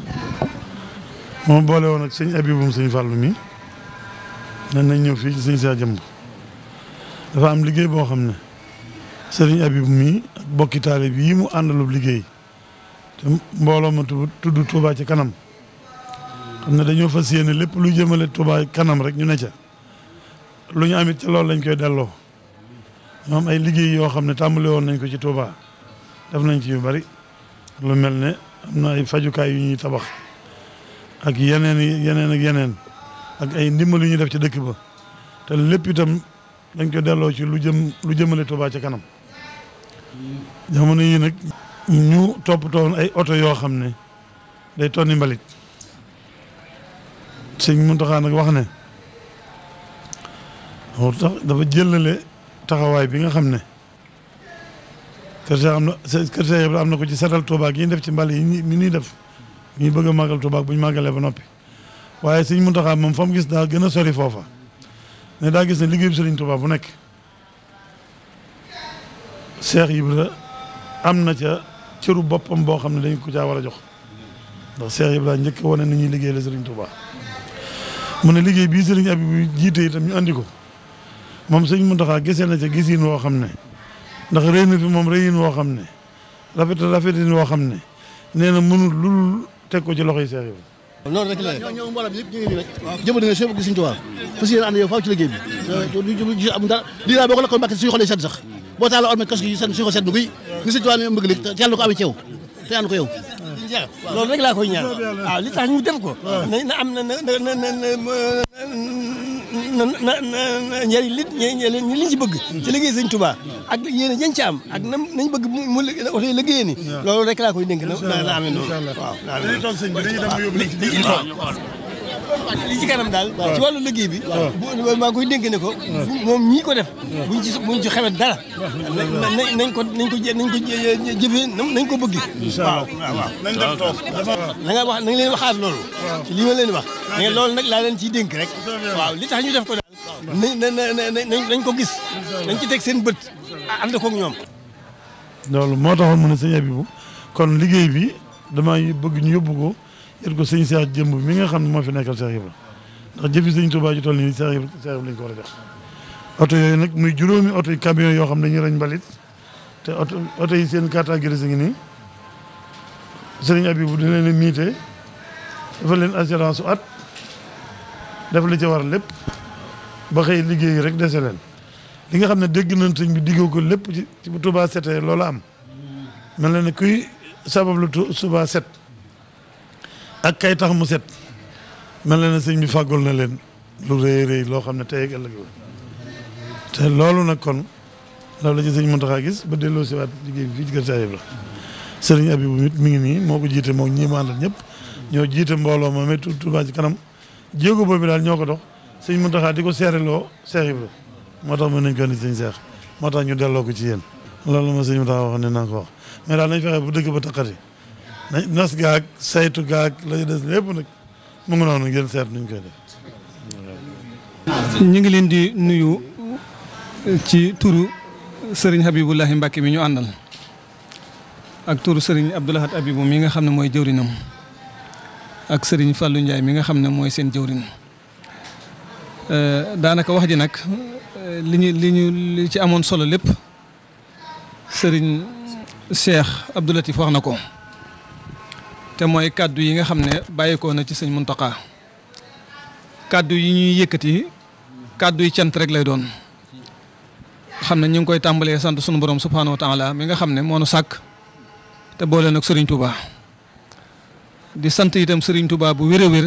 baax moom boole woon ak sëñ Abibum sëñ Fallou mi nan nañ ñëw fii ci sëñ Cheikh Jëmb dafa am liggéey boo xam ne sëriñ Abib mi ak bokki taalib yi mu àndalub liggéey te mbooloo ma tudd tuubaa ci kanam xam ne dañoo fa yéene lépp luy jëmale Touba kanam rek ñu ne ca lu ñu amit ca loolu lañ koy delloo moom ay liggéey yoo xam ne tàmbale woon nañ ko ci Touba def nañ ci yu bari lu mel ne am na ay fajukaay yu ñuy tabax ak yeneen yeneen ak yeneen ak ay ndimbal yu ñuy def ci dëkk ba te lépp itam dañ ko delloo ci lu jëm lu jëmale Touba ca kanam jamono yi nag ñu toppatoon ay oto yoo xam ne day tonni mbalit sëñ Mountakha nag wax ne tax dafa jëlale taxawaay bi nga xam ne kër Cheikh am na kër Cheikh am na ko ci setal Touba gi def ci mbal yi ni ñuy def ñuy bëgg a màggal Touba bu ñu màggalee ba noppi waaye sëñ Muntaxa moom fa mu gis daa gën a sori foofa ne daa gis ne liggéey bi sëriñ Touba bu nekk Cheikh Ibra am na ca cëru boppam boo xam ne dañ ko caa war a jox ndax Cheikh Ibra njëkk wane ni ñuy liggéey la sëriñ Touba mu ne liggéey bii sëriñ abi bu jiite tam ñu andi ko moom sëñ Muntaxa gisee na ca gisiin woo xam ne ndax rëy na fi moom rëyin woo ne rafet rafetin woo ne nee mënul lul teg ko ci loxoy seex yi. loolu rek la ñoo mbooloo rek jëbal ko la ko mbàkke suñu xoolee sedd sax boo taaloo orme kos gi suñu xol sedd guy ni ñaan li tax ñu def ko na am na na na na njëriñ li ñi liñ ci bëgg ci liggéey sëñ Touba ak yéen a jën ci am ak na nañ bëgg mu oto yi liggéeyee ni loolu rek laa koy dénk na amee noonu waaw li ci kanam daal ci wàllu liggéey bi maa koy dénk ne ko moom ñii ko def buñ ci buñ ci xewet dara nañ ko nañ ko nañ ko jëfee nañ ko bëgg waaw waaw na nga wax na nga leen waxaat loolu li ma leen wax mais loolu nag laa leen ciy dénk rek waaw li tax ñu def ko daal nañ nañ ko gis nañ ci teg seen bët ànd ko ñoom loolu moo tax taxoon mu ne sëñ Abibou kon liggéey bi dama bëgg ñu yóbbu ko jël ko sëñ Seex jëmb mi nga xam ne moo fi nekkal Seex Ibra ndax jëfi sëñ Tuubaa ji toll lañ ko war a jox oto yooyu nag muy juróomi oto yi camion yoo xam ne ñu rañ mbalit te oto oto yi seen carte grise ngi nii sëriñ Abibu dina leen miite dafa leen assurance su at def li ci war lépp ba xëy liggéey rek dese leen li nga xam ne dégg na sëñ bi diggoo ko lépp ci bu Tuubaa setee loolu am mel na ne kuy sabab lu Tuubaa set ak kay tax mu set mel na ne sëñ bi fàggul na leen lu rëy rëy loo xam ne tey ak ëllëg te loolu nag kon loolu la ci sëñ Mountakha gis ba delloo si waat liggéey bi ci kër Saayib la sëriñ Abibou mit mi ngi nii moo ko jiite moom ñi mu àndal ñëpp ñoo jiite mbooloo moom it Touba ci kanam jéego boobu daal ñoo ko dox sëñ taxaa di ko seere loo Seex Ibra moo tax mën nañ ko ni sëñ Seex moo tax ñu delloo ko ci yéen loolu ma sëñ Mountakha wax ne naa ko wax mais daal nañ fexe bu dëkk ba taqati nas gaag saytu gaag la ñu des lépp nag mu ngi noonu ngeen seet nuñ koy def. ñu ngi leen di nuyu ci turu Serigne Habibullahi Mbacke mi ñu àndal ak turu Serigne Abdoulahat Abibu mi nga xam ne mooy jëwrinam ak Serigne Fallou Ndiaye mi nga xam ne mooy seen jëwrin euh, daanaka wax ji nag euh, li ñu li ñu li ci amoon solo lépp Serigne Cheikh Abdoulatif wax na ko. te mooy kàddu yi nga xam ne bàyyikoo na ci sëñ Muntaxa kàddu yi ñuy yëkkati kàddu yi cant rek lay doon xam ne ñu ngi koy tàmbalee sant sunu borom subhaanahu wa taala mi nga xam ne moo nu sàkk te boole nag Serigne Touba di sant itam sëriñ Touba bu wér a wér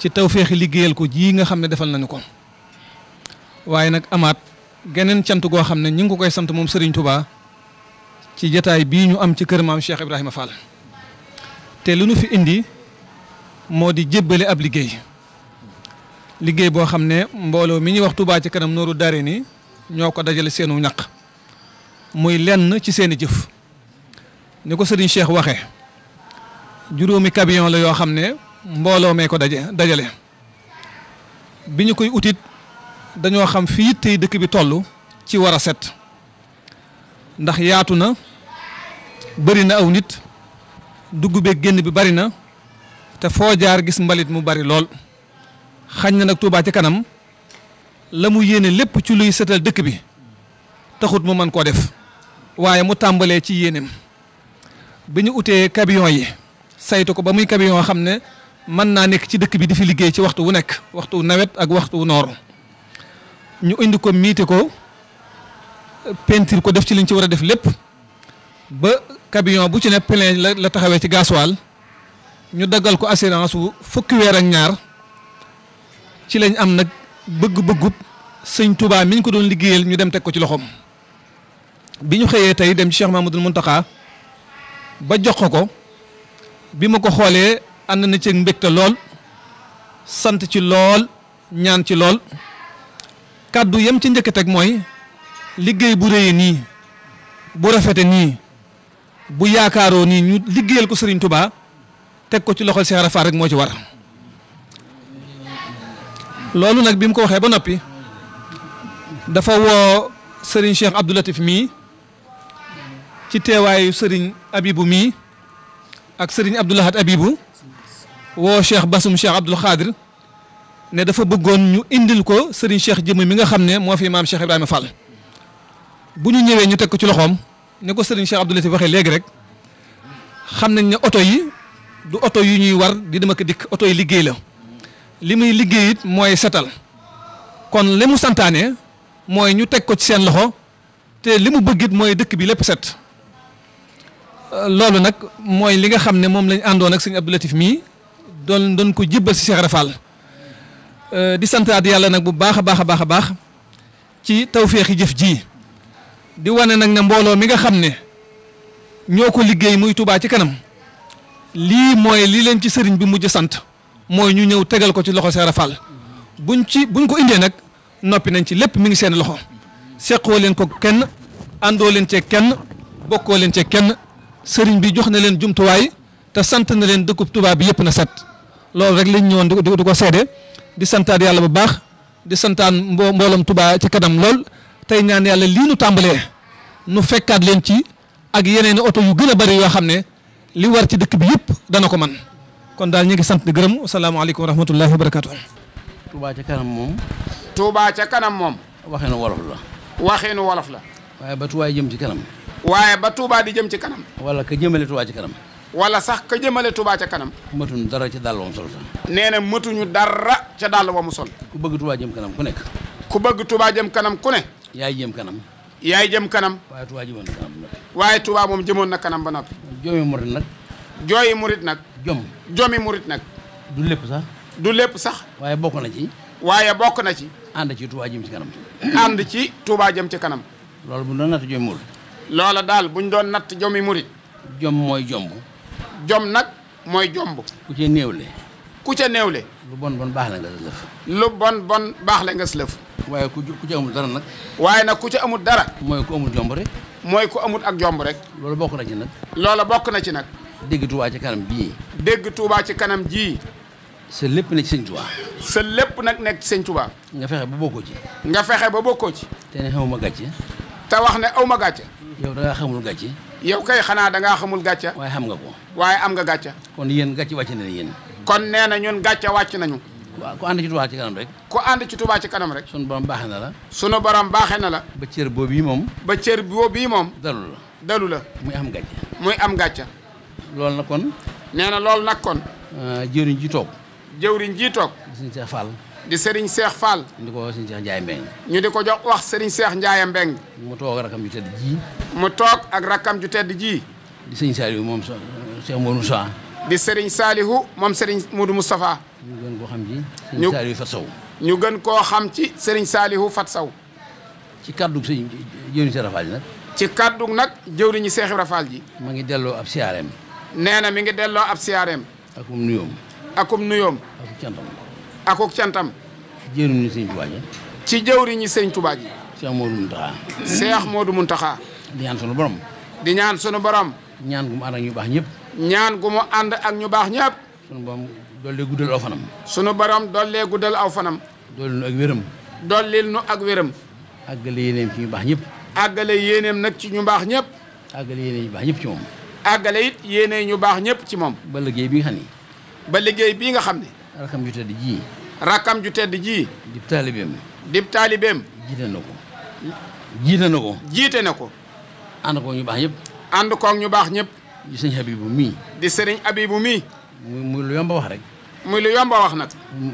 ci tawféexi liggéeyal ko jii nga xam ne defal nañu ko waaye nag amaat geneen cant goo xam ne ñu ngi ko koy sant moom sëriñ Touba ci jataay bii ñu am ci kër maam Cheikh Ibrahima Fall. te lu nu fi indi moo di jébbale ab liggéey liggéey boo xam ne mbooloo mi ñuy wax Touba ci kanam nooru dare ni ñoo ko dajale seenu ñax muy lenn ci seeni jëf ni ko sëriñ Cheikh waxe juróomi camion la yoo xam ne mbooloo mee ko daje dajale bi ñu koy utit dañoo xam fi yittey dëkk bi toll ci war a set ndax yaatu na bari na aw nit dugg génn bi bari na te foo jaar gis mbalit mu bari lool xañ na nag Touba ci kanam la mu yéene lépp ci luy setal dëkk bi taxut mu mën koo def waaye mu tàmbalee ci yéeneem bi ñu utee camion yi saytu ko ba muy camion xam ne mën naa nekk ci dëkk bi di fi liggéey ci waxtu wu nekk waxtu nawet ak waxtu wu noor ñu indi ko miite ko peinture ko def ci liñ ci war a def lépp ba camion bu ci ne plein la la taxawee ci gasoil ñu daggal ko assurance bu fukki weer ak ñaar ci lañ am nag bëgg-bëggub sëñ Touba mi ñu ko doon liggéeyal ñu dem teg ko ci loxoom bi ñu xëyee tey dem ci Cheikh Mahmoudou Mountakha ba jox ko ko bi ma ko xoolee ànd na ci mbégte lool sant ci lool ñaan ci lool kàddu yem ci njëkk teg mooy liggéey bu rëyee nii bu rafete nii bu yaakaaroo ni ñu liggéeyal ko Serigne Touba teg ko ci loxol Cheikh Rafaal rek moo ci war loolu nag bi mu ko waxee ba noppi dafa woo Serigne Cheikh Abdou mii ci teewaayu Serigne Abibou mii ak sëriñ Abdou Lahad Abibou woo Cheikh Basum Cheikh Abdoul Khadir ne dafa bëggoon ñu indil ko sëriñ Cheikh jëmm mi nga xam ne moo fi maam Cheikh Ibrahima Fall bu ñu ñëwee ñu teg ko ci loxoom. ni ko sëriñ Cheikh Abdou Latif waxee léegi rek xam nañ ne oto yi du oto yu ñuy war di dama ko dikk oto yi liggéey la li muy liggéey mooy setal kon li mu santaane mooy ñu teg ko ci seen loxo te li mu bëggit mooy dëkk bi lépp set euh, loolu nag mooy li nga xam ne moom lañ àndoon ak sëñ Abdou Latif mii doon doon ko jébbal si Cheikh Rafal euh, di santaat yàlla nag bu baax a baax a baax a baax ci tawféexi jëf ji di wane nag ne mbooloo mi nga xam ne ñoo ko liggéey muy tubaa ci kanam lii mooy lii leen ci sëriñ bi mujj sant mooy ñu ñëw tegal ko ci loxo Seera Fall buñ ci buñ ko indee nag noppi nañ ci lépp mu ngi seen loxo seqoo leen ko kenn àndoo leen cee kenn bokkoo leen cee kenn sëriñ bi jox na leen jumtuwaay te sant na leen dëkkub Touba bi yëpp na set loolu rek lañ ñëwoon di ko di ko seede di santaat yàlla bu baax di santaan mbo mbooloom tubaa ci kanam lool. tey ñaan yàlla lii nu tàmbalee nu fekkaat leen ci ak yeneen oto yu gën a bari yoo xam ne li war ci dëkk bi yëpp dana ko man kon daal ñu ngi sant di gërëm asalaamaaleykum wa rahmatullahi wa barakaatu. Touba ca kanam moom. Touba ca kanam moom. waxinu wolof la. waxinu wolof la. waaye ba Touba jëm ci kanam. waaye ba Touba di jëm ci kanam. wala ka jëmale Touba ci kanam. wala sax ka jëmale Touba ca kanam. matuñu dara ca dàll wa mu sol. nee na matuñu dara ca dàll wa mu sol. ku bëgg Touba jëm kanam ku nekk. ku bëgg Touba jëm kanam ku ne. yaay jëm kanam yaay jëm kanam waaye Touba jëmoon na moom jëmoon na kanam ba nopp joomi murit nag jooyi murit nag jom jomi murit nag du lépp sax du lépp sax waaye bokk na ci waaye bokk na ci ànd ci Touba jëm ci kanam ànd ci Touba jëm ci kanam loolu bu doon natt joomi murit loola daal buñ doon natt jomi murit jom mooy jomb jom nag mooy jomb ku ca néewle ku ca le lu bon bon baax la nga lëf. lu bon bon baax la nga lëf. waaye ku ku ci amul dara nag. waaye nag ku ci amul dara. mooy ku amul jomb rek. mooy ku amul ak jomb rek. loolu bokk na ci nag. loola bokk na ci nag. dégg Touba ci kanam bii. dégg Touba ci kanam jii. sa lépp nekk sëñ Touba. sa lépp nag nekk sëñ Touba. nga fexe ba bokkoo ci. nga fexe ba bokkoo ci. te ne xamuma gàcce. te wax ne aw ma gàcce. yow da ngaa xamul gàcce. yow kay xanaa da xamul gàcce. waaye xam nga ko. waaye am nga gàcce. kon yéen gàcce wàcc na yéen. kon nee na ñun gàcce wàcc nañu. ko ànd ci Touba ci kanam rek. ku ànd ci Touba ci kanam rek. sunu borom baaxee na la. sunu borom baaxe na la. ba cër boobu yi moom. ba cër boobu yi moom. dalu la dalu la. muy am gàcce. muy am gàcca loolu nag kon. nee na loolu nag kon. Ah, jëwriñ ji toog. jëwriñ ji toog. di Serigne Cheikh Fall. di Serigne seex Fall. ñu di ko wax Serigne Cheikh Ndiaye ñu di ko jox wax Serigne Cheikh Ndiaye Mbeng. mu toog ak rakam ju tedd ji. mu toog ak rakam ju tedd ji. di Serigne Saliou moom Cheikh Moussa. di sëriñ Salihu moom Serigne Moudou Moustapha. ñu koo xam ci Serigne Salihu Fat Sow. ñu gën koo xam ci sëriñ Salihu Fat Sow. ci kaddu gi jëwriñu Seex Ibra ci kaddu nag jëwriñu Seex Ibra Faal ji. ngi delloo ab siyaareem. nee na mi ngi delloo ab siyaareem. akum nuyoom. akum nuyoom. akuk um cantam. akuk cantam. Sëñ Tuubaa ji. ci jëwriñu Sëñ Tuubaa ji. Seex Moodu Muntaxaa. Seex di ñaan sunu borom. di ñaan sunu borom. ñaan gu mu ñu baax ñëpp. ñaan gu mu ànd ak ñu baax ñëpp. sunu borom dollee guddal aw fanam. sunu borom dollee guddal aw fanam. dollil nu ak wéram. dollil nu ak wéram. àggale yéeneem ci ñu baax ñëpp. àggale yéeneem nag ci ñu baax ñëpp. àggale yéene ñu baax ñëpp ci moom. àggale it yéene ñu baax ñëpp ci moom. ba liggéey bi nga xam ni. ba liggéey bii nga xam ni. rakkam ju tedd jii. rakkam ju tedd jii. dib taalibeem. dib taalibeem. jiite na ko. jiite na ko. jiite na ko. ànd koog ñu baax ñëpp. ànd koog ñu baax ñëpp. di sëñ Habibou mii. di sëriñ bu mii. muy lu yomba wax rek. muy lu yomba wax nag.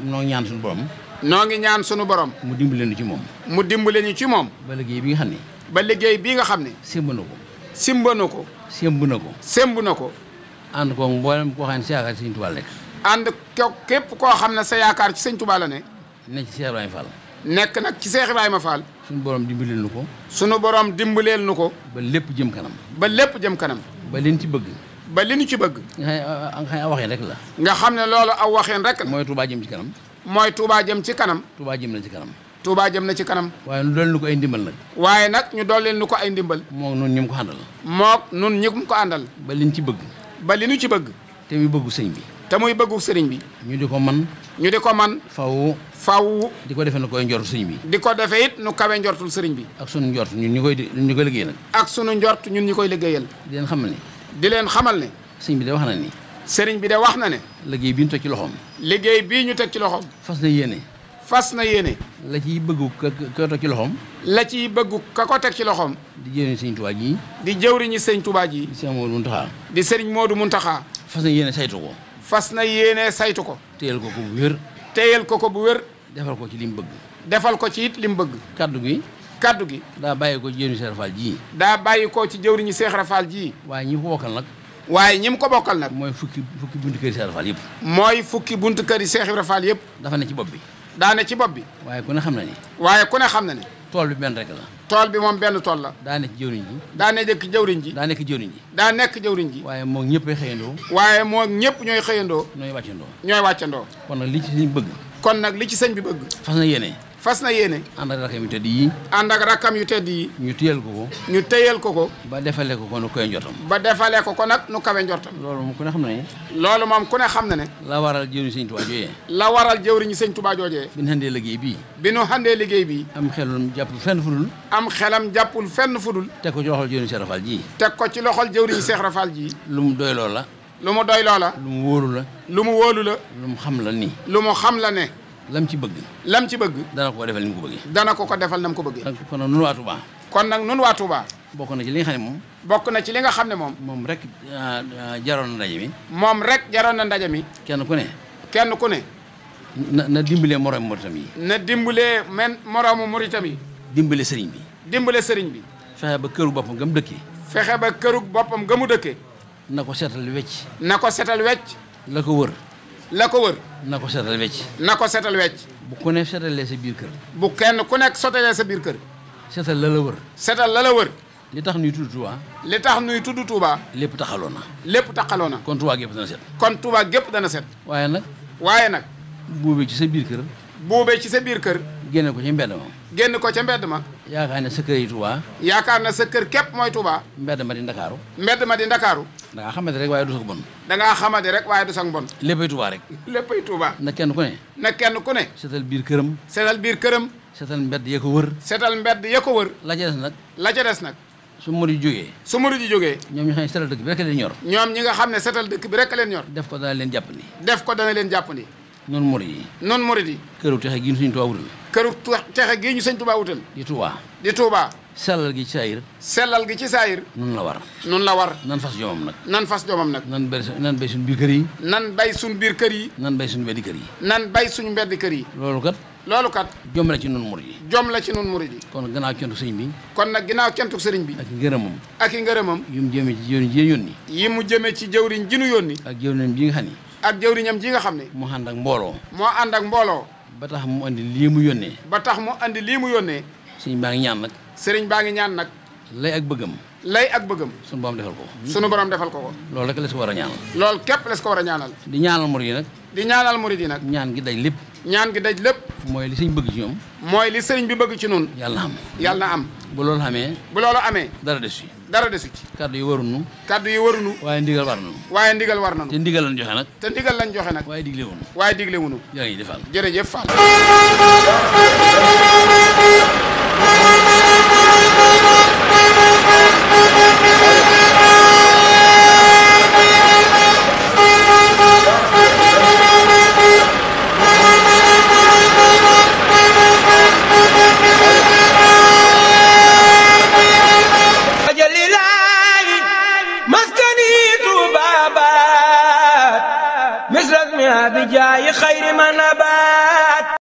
noo ñaan suñu borom. noo ngi ñaan sunu borom. mu dimbale ñu ci moom. mu dimbale ñu ci moom. ba liggéey bi nga xam ne. ba liggéey bii nga xam ne. simb na ko. simb na ko. semb na ko. semb na ko. ànd koog mboolem koo xam ne sa yaakaar ci sëñ Tuubaa képp koo xam ne sa yaakaar ci sëñ ne. nekk ci Cheikh Ibrahima nekk nag ci Cheikh Ibrahima Fall. sunu borom dimbaleel nu ko. sunu borom dimbaleel nu ko. ba lépp jëm kanam. ba lépp jëm kanam. ba leen ci bëgg ba li ñu ci bëgg nga xam ne rek la nga xam ne loolu aw waxeen rek la mooy Touba jëm ci kanam mooy Touba jëm ci kanam Touba jëm na ci kanam Touba jëm na ci kanam waaye ñu dolli ko ay ndimbal nag waaye nag ñu dolli nu ko ay ndimbal moog nun ñu ko àndal moog nun ñu ko àndal ba liñ ci bëgg ba li ñu ci bëgg te muy bëggu sëriñ bi te muy bëggu sëriñ bi ñu di ko man ñu di ko man faw faw di ko defee nu koy njortu sëriñ bi di ko defee it nu kawe njortul sëriñ bi ak sunu njort ñun ñu koy ñu koy liggéeyal ak sunu njort ñun ñu koy liggéeyal di leen xamal ne di leen xamal ne sëriñ bi de wax na ni sëriñ bi de wax na ne liggéey bii ñu teg ci loxoom liggéey bii ñu teg ci loxoom fas na yéene fas na yéene la ciy bëggu ka ko teg ci loxoom la ciy bëggu ka ko teg ci loxoom di jëwriñu sëñ Tuubaa ji di jëwriñu sëñ Tuubaa ji di sëriñ Moodu Muntaxaa di sëriñ Moodu Muntaxaa fas na yéene saytu ko fas na yéenee saytu ko. téyel ko ko bu wér. téyel ko ko bu wér. defal ko ci li mu bëgg. defal ko ci it li mu bëgg. kaddu gi. kaddu gi. daa bàyyi ko ci jëwriñu ji Rafaal jii. daa bàyyi ko ci jëwriñu Seex Rafaal jii. waaye ñi ko bokkal nag. waaye ñi mu ko bokkal nag. mooy fukki fukki buntu kër yi Seex Rafaal mooy fukki buntu kër yi Seex Rafaal yëpp. dafa ne ci bopp bi. daa ne ci bopp bi. waaye ku ne xam na ni. waaye ku ne xam na ni. tool bi benn rek la tool bi moom benn tool la daa nekk jëwriñ ji daa nekk jëwriñ ji daa nekk jëwriñ ji daa nekk jëwriñ ji waaye moom ñëppay xëyandoo waaye moom ñëpp ñooy xëyandoo ñooy wàccandoo ñooy wàccandoo kon nag li ci sëñ bëgg kon nag li ci sëñ bi bëgg fas na yeneen fas na yéene. ànd ak rakkam yu tedd yi. ànd ñu téyal ko ko. ñu téyal ko ko. ba defalee ko ko nu koy njortam. ba defalee ko ko nag nu kawe njortam. loolu moom ku ne xam na ni loolu moom ku ne xam na ne. la waral jëwriñu sëñ Tuubaa joojee. la waral jëwriñu sëñ Tuubaa joojee. bi liggéey bii. bi nu liggéey bii. am xelam jàppul fenn fudul. am xelam jàppul fenn fudul. teg ko ci loxol jëwriñu teg ko ci loxol jëwriñu Seex Rafal ji. lu mu doy loola. lu mu doy loola. lu mu wóolu la. lu mu wóolu la. lu mu xam la nii. lu mu xam la ne lam ci bëgg lam ci bëgg dana ko ko defal ni mu ko dana ko ko defal na mu ko bëggee kon nag nun waa Touba kon nag nun waa Touba bokk na ci li nga xam ne moom bokk na ci li nga xam ne moom moom rek euh, jaroon na ndaje mi moom rek jaroon na ndaje mi kenn ku ne kenn ku ne na na dimbalee moroomu muritam yi na dimbalee men moroomu muritam yi dimbale sëriñ bi dimbale sëriñ bi fexe ba këru boppam ga mu fexe ba kërug boppam ga mu dëkkee na ko seetal wecc na ko seetal wecc la ko wër la ko wër. na ko seetal wecc. na ko seetal wecc. bu ku ne seetalee sa biir kër. bu kenn ku nekk sotalee sa biir kër. seetal la la wër. seetal la la wër. li tax nuy tudd Touba. li tax nuy tudd Touba. lépp taxaloo na. lépp taxaloo na. kon Touba gépp dana set. kon Touba gépp dana set. waaye nag. waaye nag. buubee ci sa biir kër. buubee ci sa biir kër. génn ko ci mbedd ma génn ko ca mbedd ma yaakaar ne sa kër yi Touba yaakaar na sa kër képp mooy Touba mbedd ma di Ndakaaru mbedd ma di Ndakaaru da ngaa xamante rek waaye du sax bon da ngaa xamante rek waaye du sax bon léppay Touba rek léppay Touba na kenn ku ne na kenn ku ne setal biir këram setal biir këram setal mbedd ya ko wër setal mbedd ya ko wër la ca nag la ca nag su murid jógee su murid jógee ñoom ñi xam ne setal dëkk bi rek leen ñi nga xam ne setal dëkk bi re leen ñor def ko dana leen jàppandi def ko dana leen jàppandi noonu murid yi noonu murid yi këru texe gi ñu suñu Touba këru texe gii ñu sëñ Touba wutal. di Touba. di sellal gi ci saayir. sellal gi ci saayir. nun la war. nun la war. nan fas jomam nag. nan fas jomam nag. nan bay nan bay suñ kër yi. nan bay suñ biir kër yi. nan bay suñ mbeddi kër yi. nan bay suñ mbeddi kër yi. loolu kat. loolu kat. jom la ci nun murid yi. jom la ci nun murid yi. kon gannaaw cantuk sëriñ bi. kon nag gannaaw cantuk sëriñ bi. ak ngërëmam. ak i ngërëmam. yi mu jëmee ci jëwriñ ji yónni. yi mu jëmee ci jëwriñ ji nu yónni. ak jëwriñam ji nga xam ni. ak jëwriñam ji nga xam ne. moo ànd ak mbooloo. moo ànd ak mbooloo. ba tax mu andi lii mu yónnee. ba tax mu andi lii mu yónnee. sëriñ baa ngi ñaan nag. sëriñ baa ngi ñaan nag. lay ak bëggam. lay ak bëggam. sunu borom defal ko sunu borom defal ko ko. loolu rek les ko war a ñaanal. loolu képp les ko war a ñaanal. di ñaanal murid yi nag. di ñaanal murid yi nag. ñaan gi daj lépp. ñaan gi daj lépp. mooy li sëriñ bëgg ci ñoom. mooy li sëriñ bi bëgg ci noonu. yàlla am yàlla am. bu loolu amee. bu loolu amee. dara des fi. dara desu ci kaddu yi warunu kaddu yi warunu waaye ndigal war nanu waaye ndigal war nanu te ndigal lañ joxe nag te ndigal lañ joxe nag waaye digle wunu waaye digle wunu jërëjëf Fall jërëjëf Fall